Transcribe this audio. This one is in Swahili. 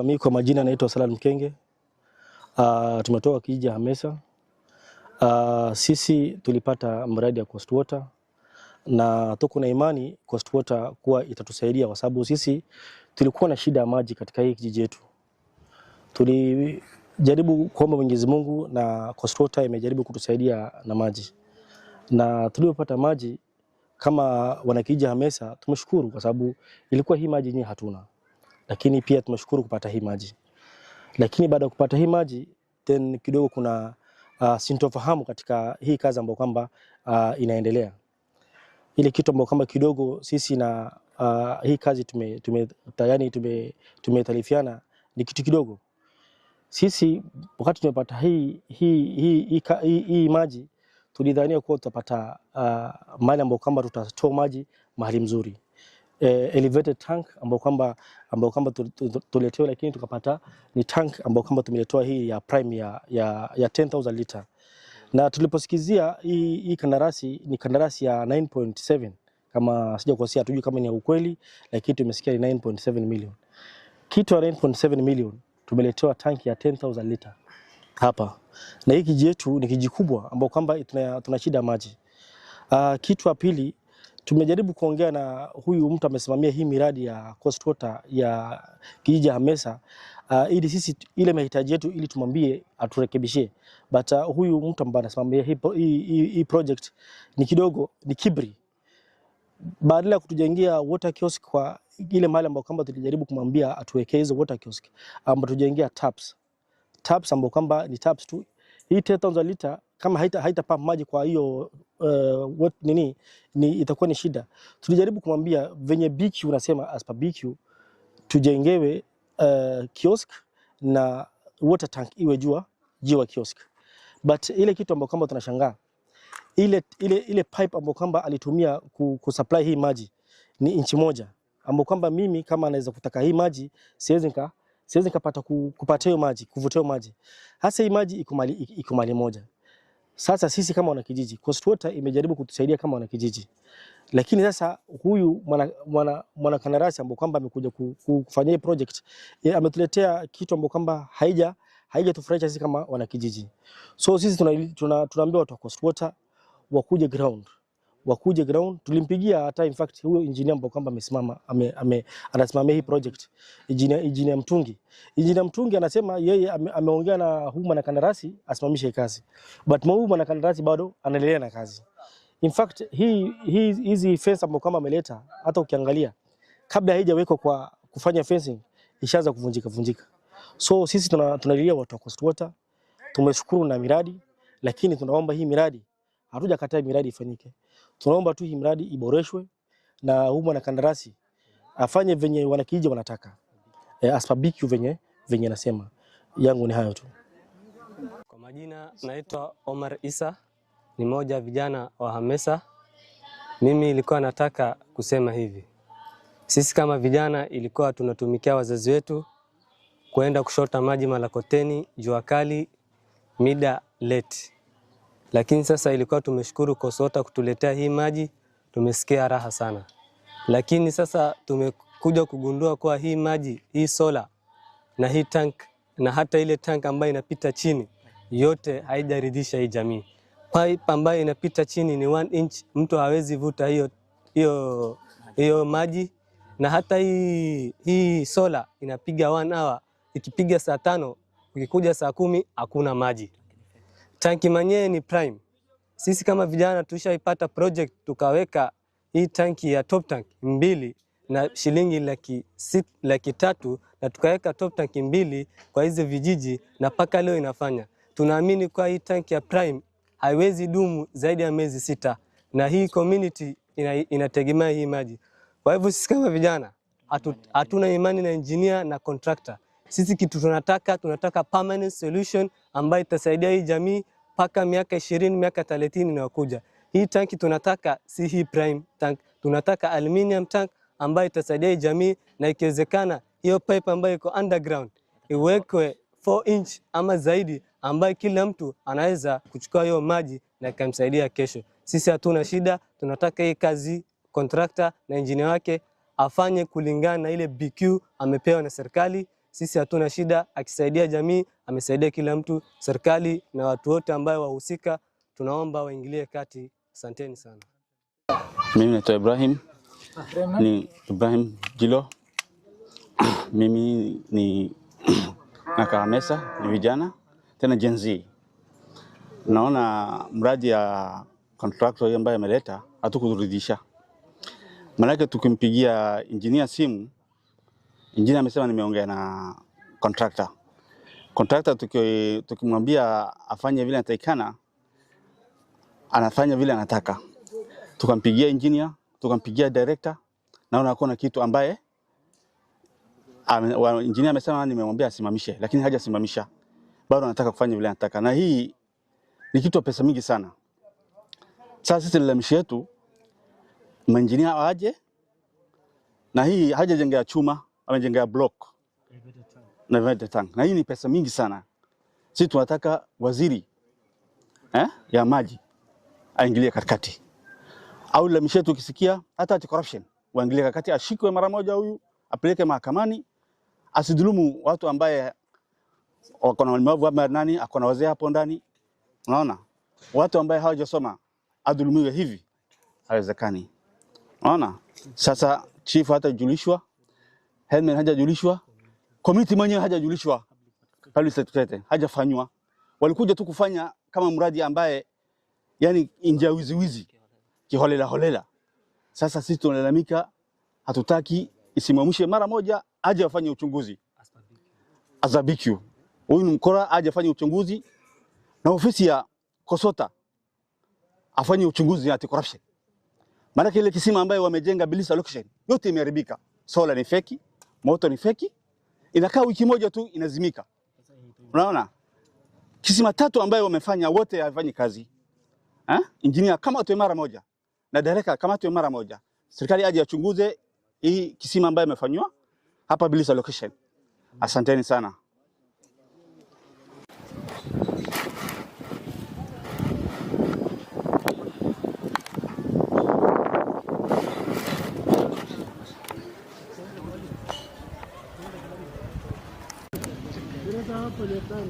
Uh, mi kwa majina naitwa Salal Mkenge. Uh, tumetoka kijiji cha Hamesa. Uh, sisi tulipata mradi ya Coast Water na tuko na imani Coast Water kuwa itatusaidia kwa sababu sisi tulikuwa na shida ya maji katika hii kijiji yetu Tulijaribu kuomba Mwenyezi Mungu na Coast Water imejaribu kutusaidia na maji, na tulipopata maji kama wanakijiji Hamesa tumeshukuru kwa sababu ilikuwa hii maji yenyewe hatuna lakini pia tumeshukuru kupata hii maji. Lakini baada ya kupata hii maji then kidogo kuna uh, sintofahamu katika hii kazi ambayo kwamba uh, inaendelea, ile kitu ambayo kwamba kidogo sisi na uh, hii kazi tume, tume, tayari tume, tumetalifiana ni kitu kidogo. Sisi wakati tumepata hii, hii, hii, hii, hii, hii maji tulidhania kuwa tutapata uh, mali ambayo kwamba tutatoa maji mahali mzuri eh, elevated tank ambayo kwamba ambayo kwamba tuletewa, lakini tukapata ni tank ambayo kwamba tumeletewa hii ya prime ya, ya, ya 10000 liter, na tuliposikizia hii, hii kandarasi ni kandarasi ya 9.7 kama sija sijakosea, hatujui kama ni ya ukweli, lakini tumesikia ni 9.7 million. Kitu ya 9.7 million tumeletewa tanki ya 10000 liter hapa, na hii kiji yetu ni kiji kubwa ambao kwamba tuna, tuna shida maji. Uh, kitu ya pili Tumejaribu kuongea na huyu mtu amesimamia hii miradi ya Coast Water ya kijiji cha Hamesa uh, ili sisi ile mahitaji yetu ili tumwambie aturekebishie, but uh, huyu mtu ambaye anasimamia hii, hii, hii project ni kidogo ni kibri, badala ya kutujengia water kiosk kwa ile mahali ambapo kwamba tulijaribu kumwambia atuwekee hizo water kiosk, ambapo tujengea taps taps, ambapo kwamba ni taps tu hii 10000 liter kama haita, haita pump maji kwa hiyo uh, what, nini ni, itakuwa ni shida. Tulijaribu kumwambia venye BQ unasema as per BQ tujengewe uh, kiosk na water tank iwe jua jiwa kiosk, but ile kitu ambayo kwamba tunashangaa ile, ile, ile pipe ambayo kwamba alitumia kusupply hii maji ni inchi moja ambayo kwamba mimi kama anaweza kutaka hii maji siwezi nika siwezi nikapata kupata hiyo maji kuvuta hiyo maji hasa hii maji iko mali iko mali moja. Sasa sisi kama wanakijiji Coast Water imejaribu kutusaidia kama wanakijiji, lakini sasa huyu mwanakandarasi ambao kwamba amekuja kufanya hii project eh, ametuletea kitu ambao kwamba haija haijatufurahisha sisi kama wanakijiji. So sisi tunaambiwa tuna, tuna, tuna watu wa Coast Water wakuje ground wakuje ground. Tulimpigia hata in fact huyo engineer ambaye kwamba amesimama ame, ame, anasimamia hii project engineer, engineer Mtungi. Engineer Mtungi anasema yeye ame, ameongea na huyu kandarasi asimamishe kazi, but huyu kandarasi bado anaendelea na kazi. In fact hii hizi fence ambayo kama ameleta, hata ukiangalia kabla haijawekwa kwa kufanya fencing ishaanza kuvunjika vunjika. So sisi tunalilia watu wa Coast Water, tumeshukuru na miradi, lakini tunaomba hii miradi hatujakataa miradi ifanyike Tunaomba tu hii mradi iboreshwe na huyu mwanakandarasi afanye venye wanakijiji wanataka. E, eh, aspabiku venye venye nasema. Yangu ni hayo tu. Kwa majina naitwa Omar Isa, ni mmoja wa vijana wa Hamesa. Mimi ilikuwa nataka kusema hivi, sisi kama vijana ilikuwa tunatumikia wazazi wetu kwenda kushota maji Malakoteni, jua kali, mida leti lakini sasa ilikuwa tumeshukuru KOSOTA kutuletea hii maji, tumesikia raha sana. Lakini sasa tumekuja kugundua kuwa hii maji, hii sola na hii tank na hata ile tank ambayo inapita chini yote haijaridhisha hii jamii. Pipe ambayo inapita chini ni one inch, mtu hawezi vuta hiyo hiyo hiyo maji na hata hii, hii sola inapiga one hour, ikipiga saa tano, ukikuja saa kumi hakuna maji. Tanki mwenyewe ni prime. Sisi kama vijana tulishaipata project tukaweka hii tanki ya top tank mbili na shilingi laki, sit, laki tatu na tukaweka top tank mbili kwa hizi vijiji na mpaka leo inafanya. Tunaamini kwa hii tanki ya prime haiwezi dumu zaidi ya miezi sita, na hii community ina, inategemea hii maji. Kwa hivyo sisi kama vijana hatu, hatuna imani na engineer na contractor. Sisi kitu tunataka tunataka permanent solution ambayo itasaidia hii jamii mpaka miaka 20 miaka 30 inayokuja. Hii tanki tunataka si hii prime tank, tunataka aluminium tank ambayo itasaidia jamii, na ikiwezekana hiyo pipe ambayo iko underground iwekwe 4 inch ama zaidi, ambayo kila mtu anaweza kuchukua hiyo maji na ikamsaidia kesho. Sisi hatuna shida, tunataka hii kazi contractor na engineer wake afanye kulingana na ile BQ amepewa na serikali. Sisi hatuna shida, akisaidia jamii amesaidia kila mtu, serikali na watu wote ambao wahusika, tunaomba waingilie kati. Asanteni sana. Mimi naitwa Ibrahim, ni Ibrahim Jilo. Mimi ni Nakahamesa, ni vijana tena Gen Z. Naona mradi ya contractor ambaye ameleta hatukuridhisha, maanake tukimpigia injinia simu, injinia amesema nimeongea na contractor Kontrakta tukimwambia afanye vile anataikana, anafanya vile anataka. Tukampigia engineer, tukampigia director, naona kuna kitu ambaye engineer amesema, nimemwambia asimamishe, lakini hajasimamisha bado, anataka kufanya vile anataka, na hii ni kitu pesa mingi sana. Sasa sisi lalamishi yetu maengineer aje, na hii hajajengea chuma, amejengea block na tank. Na hii ni pesa mingi sana. Sisi tunataka waziri eh, ya maji aingilie katikati, au la mishetu ukisikia hata ati corruption waingilie katikati, ashikwe mara moja, huyu apeleke mahakamani, asidhulumu watu ambaye wako na ulemavu ama nani ako na wazee hapo ndani. Unaona, watu ambaye hawajasoma adhulumiwe hivi, haiwezekani. Unaona, sasa chief hata julishwa. Helmen hajajulishwa Komiti mwenyewe hajajulishwa kabla sekretete, hajafanywa. Walikuja tu kufanya kama mradi ambaye yani inja wizi wizi kiholela holela. Sasa sisi tunalalamika, hatutaki isimamishe mara moja, aje afanye uchunguzi. Azabikyu huyu ni mkora, aje afanye uchunguzi na ofisi ya Kosota afanye uchunguzi ya anti-corruption. Maana ile kisima ambayo wamejenga Bilisa location yote imeharibika, sola ni feki, moto ni feki inakaa wiki moja tu inazimika. Unaona kisima tatu ambayo wamefanya wote hawafanyi kazi ha? Injinia kama atwe mara moja na dereka kama atwe mara moja, serikali aje achunguze hii kisima ambayo imefanywa hapa Bilisa location. Asanteni sana.